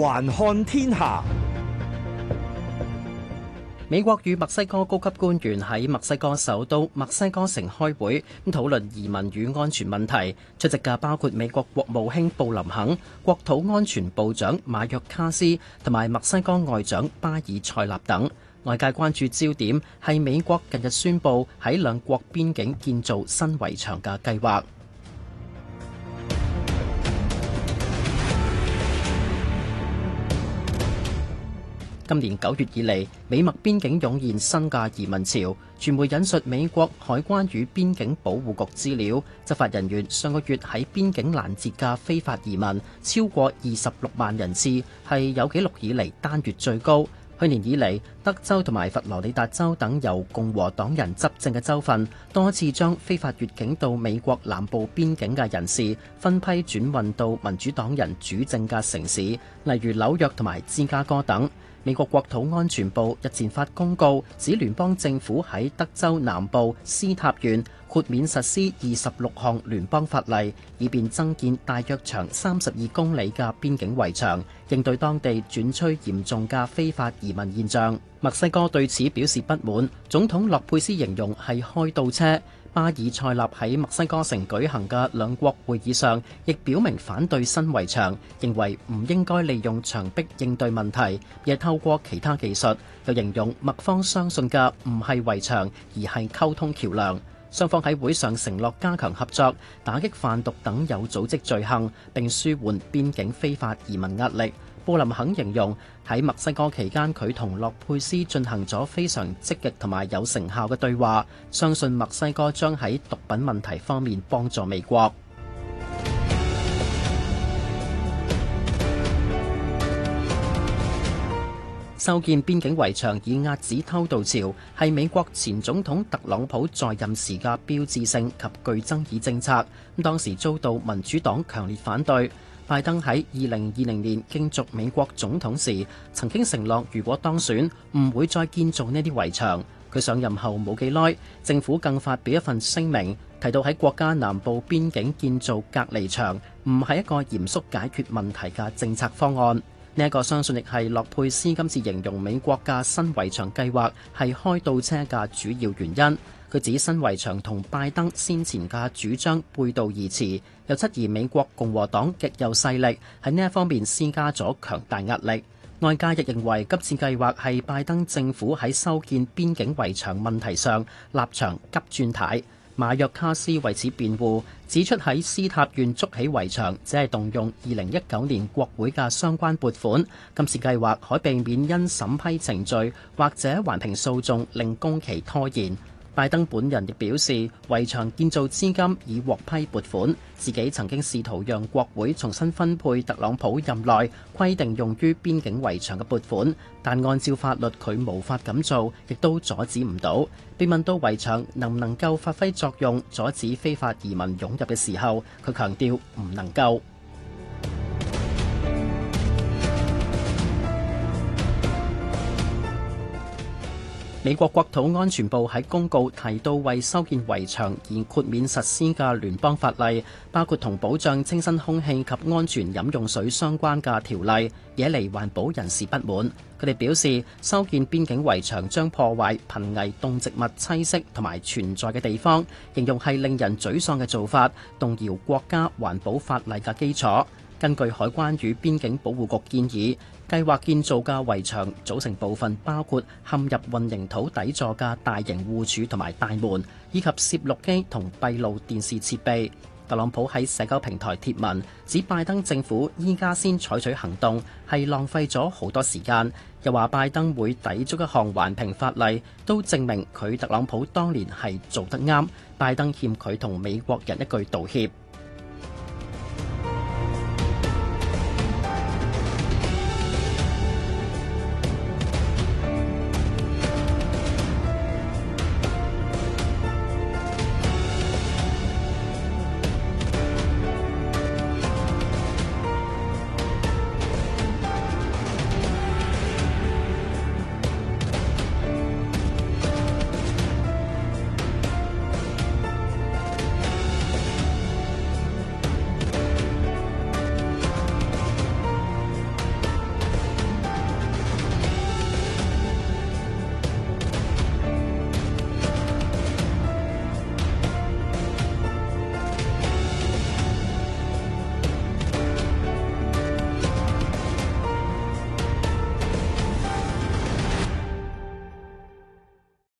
環看天下，美國與墨西哥高級官員喺墨西哥首都墨西哥城開會，咁討論移民與安全問題。出席嘅包括美國國務卿布林肯、國土安全部長馬約卡斯，同埋墨西哥外長巴爾塞納等。外界關注焦點係美國近日宣布喺兩國邊境建造新圍牆嘅計劃。今年九月以嚟，美墨邊境湧現新嘅移民潮。傳媒引述美國海關與邊境保護局資料，執法人員上個月喺邊境攔截嘅非法移民超過二十六萬人次，係有記錄以嚟單月最高。去年以嚟，德州同埋佛羅里達州等由共和黨人執政嘅州份，多次將非法越境到美國南部邊境嘅人士分批轉運到民主黨人主政嘅城市，例如紐約同埋芝加哥等。美國國土安全部日前發公告，指聯邦政府喺德州南部斯塔縣豁免實施二十六項聯邦法例，以便增建大約長三十二公里嘅邊境圍牆，應對當地轉趨嚴重嘅非法移民現象。墨西哥對此表示不滿，總統洛佩斯形容係開倒車。巴爾塞納喺墨西哥城舉行嘅兩國會議上，亦表明反對新圍牆，認為唔應該利用牆壁應對問題，而係透過其他技術。又形容墨方相信嘅唔係圍牆，而係溝通橋梁。雙方喺會上承諾加強合作，打擊販毒等有組織罪行，並舒緩邊境非法移民壓力。布林肯形容喺墨西哥期間，佢同洛佩斯進行咗非常積極同埋有成效嘅對話，相信墨西哥將喺毒品問題方面幫助美國修建邊境圍牆以遏止偷渡潮。係美國前總統特朗普在任時嘅標誌性及具爭議政策，當時遭到民主黨強烈反對。拜登喺二零二零年競逐美國總統時，曾經承諾，如果當選，唔會再建造呢啲圍牆，佢上任後冇幾耐，政府更發表一份聲明，提到喺國家南部邊境建造隔離牆，唔係一個嚴肅解決問題嘅政策方案。呢一個相信亦係洛佩斯今次形容美國嘅新圍牆計劃係開倒車嘅主要原因。佢指新圍牆同拜登先前嘅主張背道而馳，又質疑美國共和黨極右勢力喺呢一方面施加咗強大壓力。外界亦認為今次計劃係拜登政府喺修建邊境圍牆問題上，立場急轉軚。馬約卡斯為此辯護，指出喺斯塔縣築起圍牆，只係動用2019年國會嘅相關撥款，今次計劃可避免因審批程序或者環評訴訟令工期拖延。拜登本人亦表示，圍牆建造資金已獲批撥款。自己曾經試圖讓國會重新分配特朗普任內規定用於邊境圍牆嘅撥款，但按照法律佢無法咁做，亦都阻止唔到。被問到圍牆能唔能夠發揮作用阻止非法移民湧入嘅時候，佢強調唔能夠。美國國土安全部喺公告提到，為修建圍牆而豁免實施嘅聯邦法例，包括同保障清新空氣及安全飲用水相關嘅條例，惹嚟環保人士不滿。佢哋表示，修建邊境圍牆將破壞瀕危動植物棲息同埋存在嘅地方，形容係令人沮喪嘅做法，動搖國家環保法例嘅基礎。根據海關與邊境保護局建議，計劃建造嘅圍牆組成部分包括陷入混凝土底座嘅大型護柱同埋大門，以及攝錄機同閉路電視設備。特朗普喺社交平台貼文指，拜登政府依家先採取行動，係浪費咗好多時間，又話拜登會抵觸一項環評法例，都證明佢特朗普當年係做得啱。拜登欠佢同美國人一句道歉。